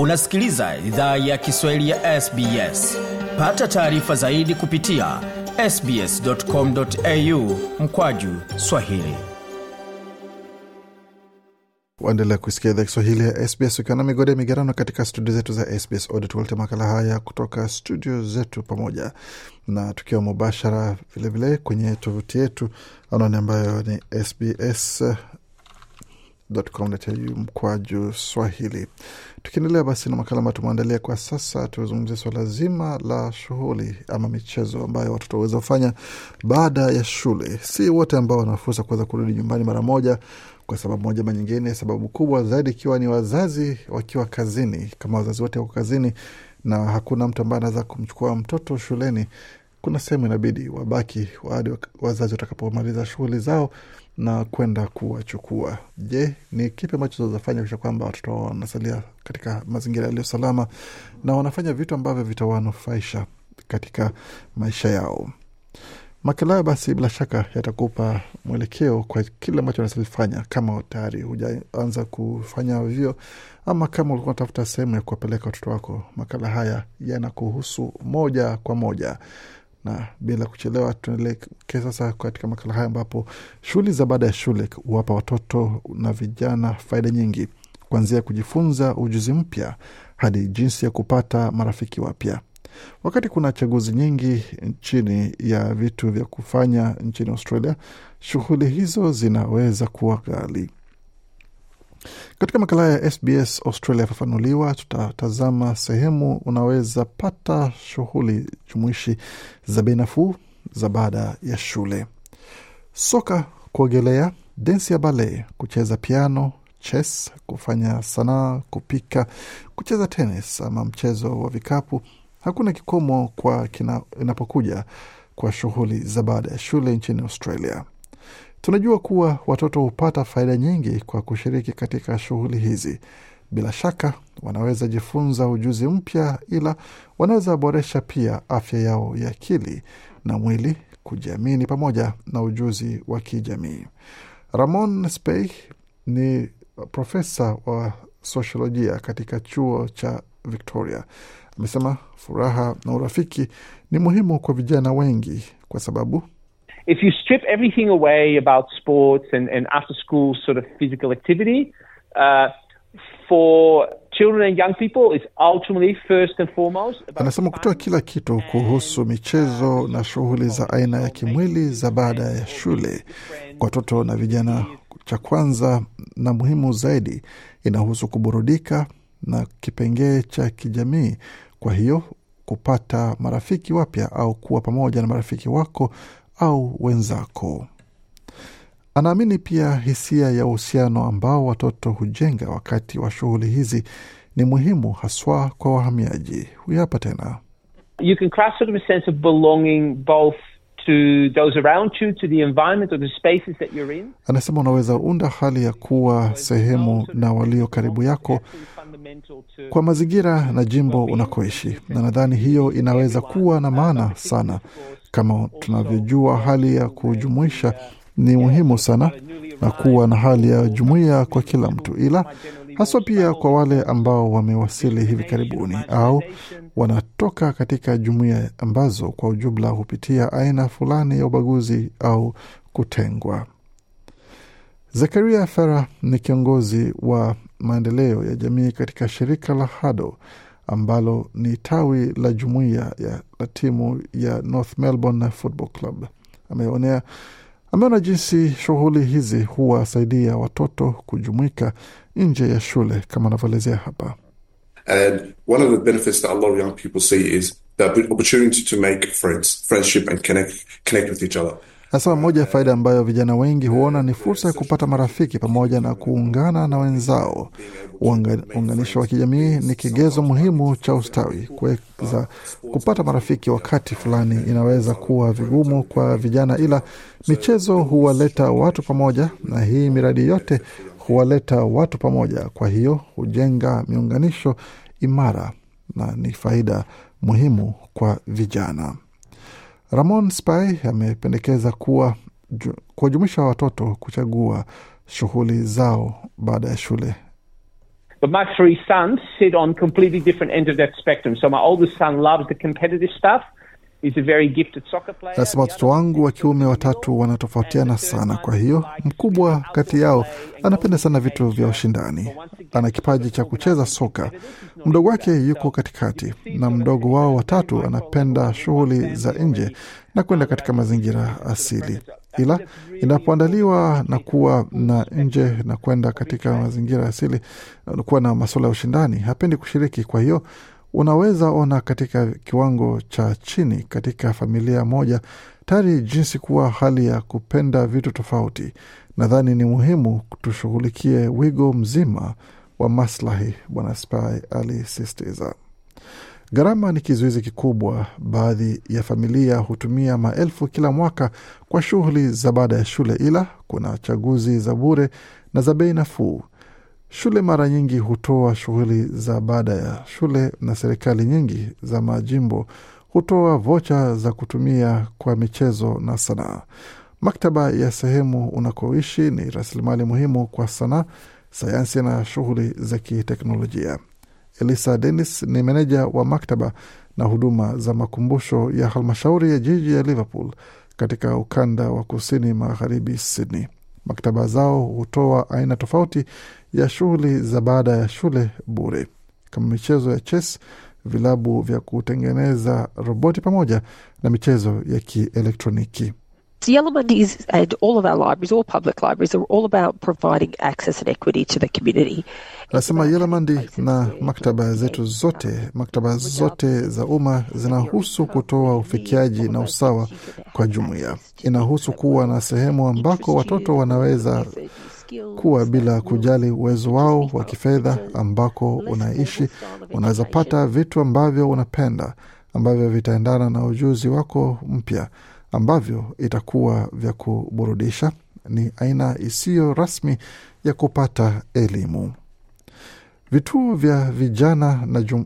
unasikiliza idhaa ya kiswahili ya sbs pata taarifa zaidi kupitia sbscomau mkwaju swahili waendelea kusikia idhaa kiswahili ya sbs ukiwa na migodi ya migarano katika studio zetu za sbs tukulete makala haya kutoka studio zetu pamoja na tukiwa mubashara vilevile kwenye tovuti yetu anaoni ambayo ni sbs mkwa mkwaju Swahili. Tukiendelea basi na makala ambayo tumeandalia kwa sasa, tuzungumzia swala zima la shughuli ama michezo ambayo watoto waweza kufanya baada ya shule. Si wote ambao wana fursa kuweza kurudi nyumbani mara moja kwa sababu moja ma nyingine, sababu kubwa zaidi ikiwa ni wazazi wakiwa kazini. Kama wazazi wote wako kazini na hakuna mtu ambaye anaweza kumchukua mtoto shuleni kuna sehemu inabidi wabaki hadi wazazi watakapomaliza shughuli zao na kwenda kuwachukua. Je, ni kipi ambacho zinazofanya kisha kwamba watoto wao wanasalia katika mazingira yaliyo salama na wanafanya vitu ambavyo vitawanufaisha katika maisha yao? Makala hayo basi bila shaka yatakupa mwelekeo kwa kile ambacho wanafanya, kama tayari hujaanza kufanya hivyo ama kama ulikuwa unatafuta sehemu ya kuwapeleka watoto wako. Makala haya yanakuhusu moja kwa moja na bila kuchelewa tunaelekea sasa katika makala haya ambapo shughuli za baada ya shule huwapa watoto na vijana faida nyingi, kuanzia kujifunza ujuzi mpya hadi jinsi ya kupata marafiki wapya. Wakati kuna chaguzi nyingi chini ya vitu vya kufanya nchini Australia, shughuli hizo zinaweza kuwa ghali. Katika makala ya SBS Australia Fafanuliwa, tutatazama sehemu unaweza pata shughuli jumuishi za bei nafuu za baada ya shule: soka, kuogelea, densi ya bale, kucheza piano, chess, kufanya sanaa, kupika, kucheza tenis ama mchezo wa vikapu. Hakuna kikomo kwa kina, inapokuja kwa shughuli za baada ya shule nchini Australia. Tunajua kuwa watoto hupata faida nyingi kwa kushiriki katika shughuli hizi. Bila shaka wanaweza jifunza ujuzi mpya, ila wanaweza boresha pia afya yao ya akili na mwili, kujiamini, pamoja na ujuzi wa kijamii. Ramon Speich ni profesa wa sosiolojia katika chuo cha Victoria. Amesema furaha na urafiki ni muhimu kwa vijana wengi kwa sababu if you strip everything away about sports and, and after school sort of physical activity, uh, for children and young people is ultimately first and foremost. Anasema kutoa kila kitu kuhusu michezo na shughuli za aina ya kimwili za baada ya shule kwa watoto na vijana, cha kwanza na muhimu zaidi inahusu kuburudika na kipengee cha kijamii. Kwa hiyo kupata marafiki wapya au kuwa pamoja na marafiki wako au wenzako. Anaamini pia hisia ya uhusiano ambao watoto hujenga wakati wa shughuli hizi ni muhimu haswa kwa wahamiaji. Huyu hapa tena you can craft sort of a sense of belonging both to those around you, to the environment or the spaces that you're in. Anasema unaweza unda hali ya kuwa sehemu na walio karibu yako kwa mazingira na jimbo unakoishi, na nadhani hiyo inaweza kuwa na maana sana kama tunavyojua, hali ya kujumuisha ni muhimu sana na kuwa na hali ya jumuiya kwa kila mtu, ila haswa pia kwa wale ambao wamewasili hivi karibuni au wanatoka katika jumuiya ambazo kwa ujumla hupitia aina fulani ya ubaguzi au kutengwa. Zakaria Fera ni kiongozi wa maendeleo ya jamii katika shirika la Hado ambalo ni tawi la jumuiya la timu ya North Melbourne Football Club. Ameonea ameona jinsi shughuli hizi huwasaidia watoto kujumuika nje ya shule kama anavyoelezea hapa. And one of the benefits that a lot of young people see is the opportunity to make friends, friendship and connect, connect with each other. Nasema moja ya faida ambayo vijana wengi huona ni fursa ya kupata marafiki pamoja na kuungana na wenzao. Uunganisho wa kijamii ni kigezo muhimu cha ustawi. Kuweza kupata marafiki wakati fulani inaweza kuwa vigumu kwa vijana, ila michezo huwaleta watu pamoja, na hii miradi yote huwaleta watu pamoja. Kwa hiyo hujenga miunganisho imara na ni faida muhimu kwa vijana. Ramon Spy amependekeza kuwa kuwajumuisha watoto kuchagua shughuli zao baada ya shule. But my three sons sit on completely different ends of that spectrum. So my oldest son loves the competitive stuff. Nasema watoto wangu wa kiume watatu wanatofautiana sana, kwa hiyo mkubwa kati yao anapenda sana vitu vya ushindani, ana kipaji cha kucheza soka. Mdogo wake yuko katikati, na mdogo wao watatu anapenda shughuli za nje na kwenda katika mazingira asili, ila inapoandaliwa na kuwa na nje na kwenda katika mazingira asili, kuwa na masuala ya ushindani, hapendi kushiriki, kwa hiyo Unaweza ona katika kiwango cha chini katika familia moja tayari jinsi kuwa hali ya kupenda vitu tofauti. Nadhani ni muhimu tushughulikie wigo mzima wa maslahi, Bwana Spy Gharama ni kizuizi kikubwa. Baadhi ya familia hutumia maelfu kila mwaka kwa shughuli za baada ya shule, ila kuna chaguzi za bure na za bei nafuu. Shule mara nyingi hutoa shughuli za baada ya shule na serikali nyingi za majimbo hutoa vocha za kutumia kwa michezo na sanaa. Maktaba ya sehemu unakoishi ni rasilimali muhimu kwa sanaa, sayansi na shughuli za kiteknolojia. Elisa Dennis ni meneja wa maktaba na huduma za makumbusho ya halmashauri ya jiji ya Liverpool katika ukanda wa kusini magharibi Sydney. Maktaba zao hutoa aina tofauti ya shughuli za baada ya shule bure kama michezo ya chess, vilabu vya kutengeneza roboti pamoja na michezo ya kielektroniki. anasema Yelamandi na maktaba zetu zote, maktaba zote za umma zinahusu kutoa ufikiaji na usawa kwa jumuiya. Inahusu kuwa na sehemu ambako watoto wanaweza kuwa bila kujali uwezo wao wa kifedha ambako unaishi, unaweza pata vitu ambavyo unapenda ambavyo vitaendana na ujuzi wako mpya ambavyo itakuwa vya kuburudisha. Ni aina isiyo rasmi ya kupata elimu. Vituo vya vijana na jum,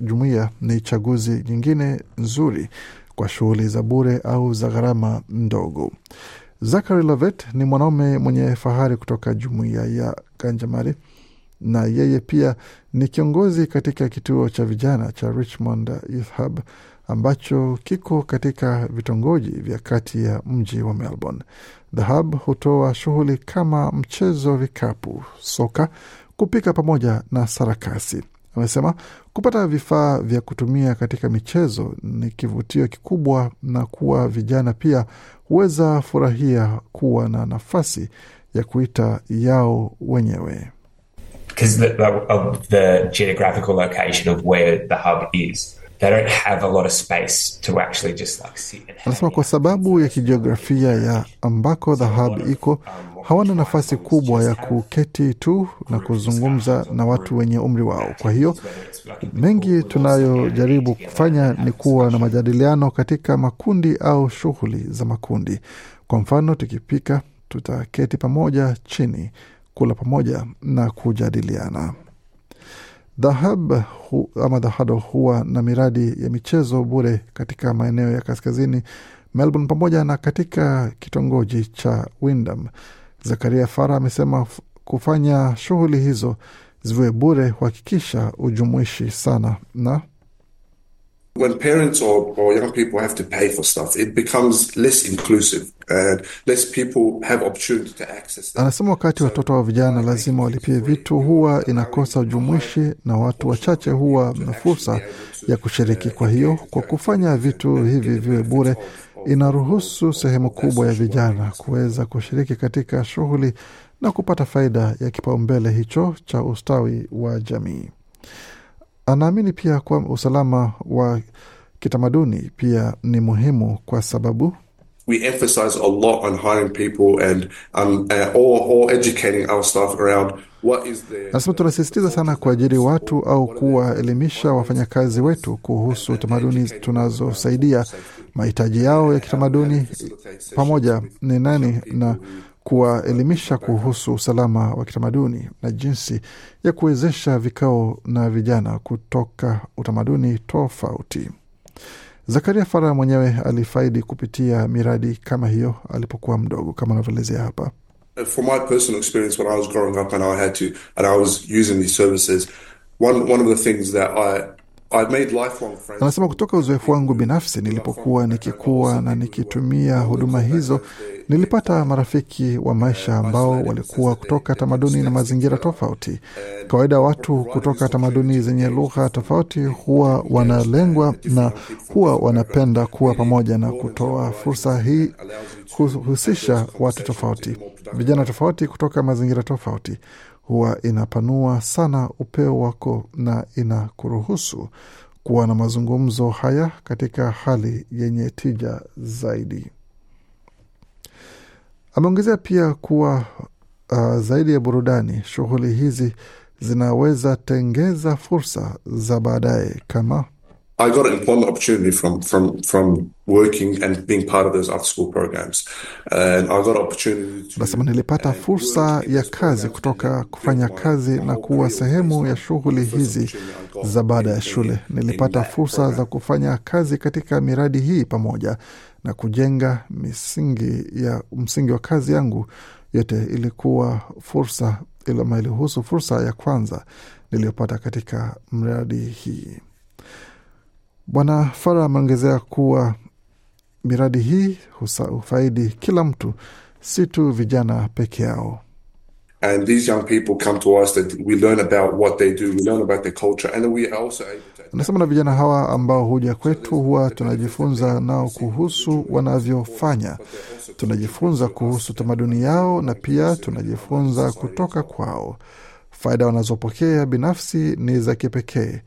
jumuiya ni chaguzi nyingine nzuri kwa shughuli za bure au za gharama ndogo. Zachary Levet ni mwanaume mwenye fahari kutoka jumuiya ya Ganjamari na yeye pia ni kiongozi katika kituo cha vijana cha Richmond Youth Hub ambacho kiko katika vitongoji vya kati ya mji wa Melbourne. The Hub hutoa shughuli kama mchezo vikapu, soka, kupika pamoja na sarakasi. Amesema kupata vifaa vya kutumia katika michezo ni kivutio kikubwa na kuwa vijana pia huweza furahia kuwa na nafasi ya kuita yao wenyewe. The, the, the geographical location of where the hub is. Anasema kwa sababu ya kijiografia ya ambako dhahabu iko, um, hawana nafasi kubwa ya kuketi tu na kuzungumza na watu wenye umri wao. Kwa hiyo mengi tunayojaribu kufanya ni kuwa na majadiliano katika makundi au shughuli za makundi. Kwa mfano, tukipika tutaketi pamoja chini, kula pamoja na kujadiliana. Dhahab hu, ama Dhahado huwa na miradi ya michezo bure katika maeneo ya kaskazini Melbourne pamoja na katika kitongoji cha Wyndham. Zakaria Fara amesema kufanya shughuli hizo ziwe bure huhakikisha ujumuishi sana na when parents or, or young people have to pay for stuff, it becomes less inclusive and less people have opportunity to access that. Anasema wakati watoto wa vijana lazima walipie vitu, huwa inakosa ujumuishi na watu wachache huwa na fursa ya kushiriki. Uh, kwa hiyo kwa kufanya vitu hivi viwe bure inaruhusu sehemu kubwa ya vijana kuweza kushiriki katika shughuli na kupata faida ya kipaumbele hicho cha ustawi wa jamii. Anaamini pia kuwa usalama wa kitamaduni pia ni muhimu kwa sababu we emphasize a lot on hiring people and um, uh, or, or educating our staff around what is the... Nasema tunasisitiza sana kuajiri watu au kuwaelimisha wafanyakazi wetu kuhusu tamaduni tunazosaidia, mahitaji yao ya kitamaduni, pamoja ni nani na kuwaelimisha kuhusu usalama wa kitamaduni na jinsi ya kuwezesha vikao na vijana kutoka utamaduni tofauti. Zakaria Fara mwenyewe alifaidi kupitia miradi kama hiyo alipokuwa mdogo, kama anavyoelezea hapa. one, one of the things that I Anasema, kutoka uzoefu wangu binafsi, nilipokuwa nikikuwa na nikitumia huduma hizo, nilipata marafiki wa maisha ambao walikuwa kutoka tamaduni na mazingira tofauti. Kawaida watu kutoka tamaduni zenye lugha tofauti huwa wanalengwa na huwa wanapenda kuwa pamoja na kutoa fursa hii kuhusisha watu tofauti, vijana tofauti kutoka mazingira tofauti huwa inapanua sana upeo wako na inakuruhusu kuwa na mazungumzo haya katika hali yenye tija zaidi. Ameongezea pia kuwa uh, zaidi ya burudani, shughuli hizi zinaweza tengeza fursa za baadaye kama I got an employment opportunity from from from working and being part of those after school programs. And I got opportunity to... Nasema nilipata fursa ya kazi kutoka kufanya kazi na kuwa sehemu ya shughuli hizi za baada ya shule. Nilipata fursa za kufanya kazi katika miradi hii pamoja na kujenga misingi ya msingi wa kazi yangu. Yote ilikuwa fursa ilama ilihusu fursa ya kwanza niliyopata katika mradi hii. Bwana Fara ameongezea kuwa miradi hii hufaidi kila mtu, si tu vijana peke yao. And these young people come to us that we learn about what they do, we learn about their culture and we are also able to... Anasema na vijana hawa ambao huja kwetu huwa tunajifunza nao kuhusu wanavyofanya, tunajifunza kuhusu tamaduni yao na pia tunajifunza kutoka kwao. Faida wanazopokea binafsi ni za kipekee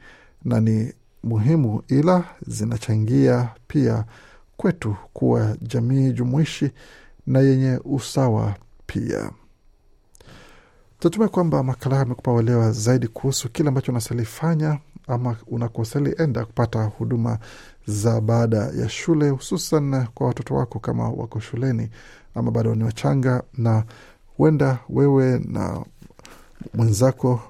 na ni muhimu, ila zinachangia pia kwetu kuwa jamii jumuishi na yenye usawa pia. tutume kwamba makala haya amekupa uelewa zaidi kuhusu kile ambacho unasalifanya ama unakosali enda kupata huduma za baada ya shule, hususan kwa watoto wako kama wako shuleni ama bado ni wachanga, na huenda wewe na mwenzako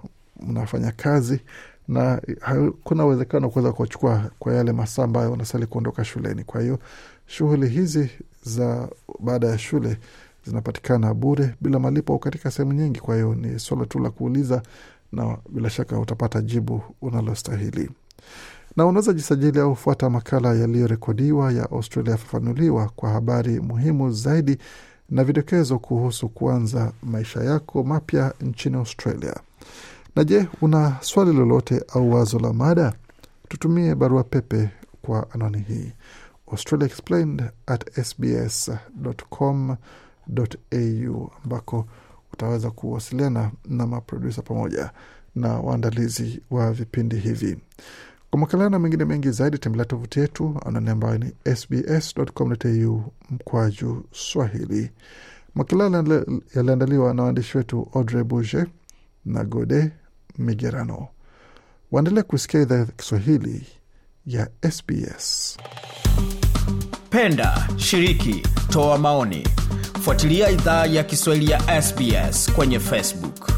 mnafanya kazi na hakuna uwezekano kuweza kuwachukua kwa yale masaa ambayo wanasali kuondoka shuleni. Kwa hiyo shughuli hizi za baada ya shule zinapatikana bure bila malipo katika sehemu nyingi. Kwa hiyo ni swala tu la kuuliza, na bila shaka utapata jibu unalostahili. Na unaweza jisajili au fuata makala yaliyorekodiwa ya Australia Yafafanuliwa kwa habari muhimu zaidi na vidokezo kuhusu kuanza maisha yako mapya nchini Australia. Na je, una swali lolote au wazo la mada? Tutumie barua pepe kwa anwani hii australiaexplained@sbs.com.au ambako utaweza kuwasiliana na maprodusa pamoja na waandalizi wa vipindi hivi. Kwa makala na mengine mengi zaidi, tembelea tovuti yetu anani ambayo ni sbs.com.au mkwaju swahili. Makala yaliandaliwa na waandishi wetu Audrey Buge na Gode migerano. Waendelea kusikia idhaa ya Kiswahili ya SBS. Penda, shiriki, toa maoni, fuatilia idhaa ya Kiswahili ya SBS kwenye Facebook.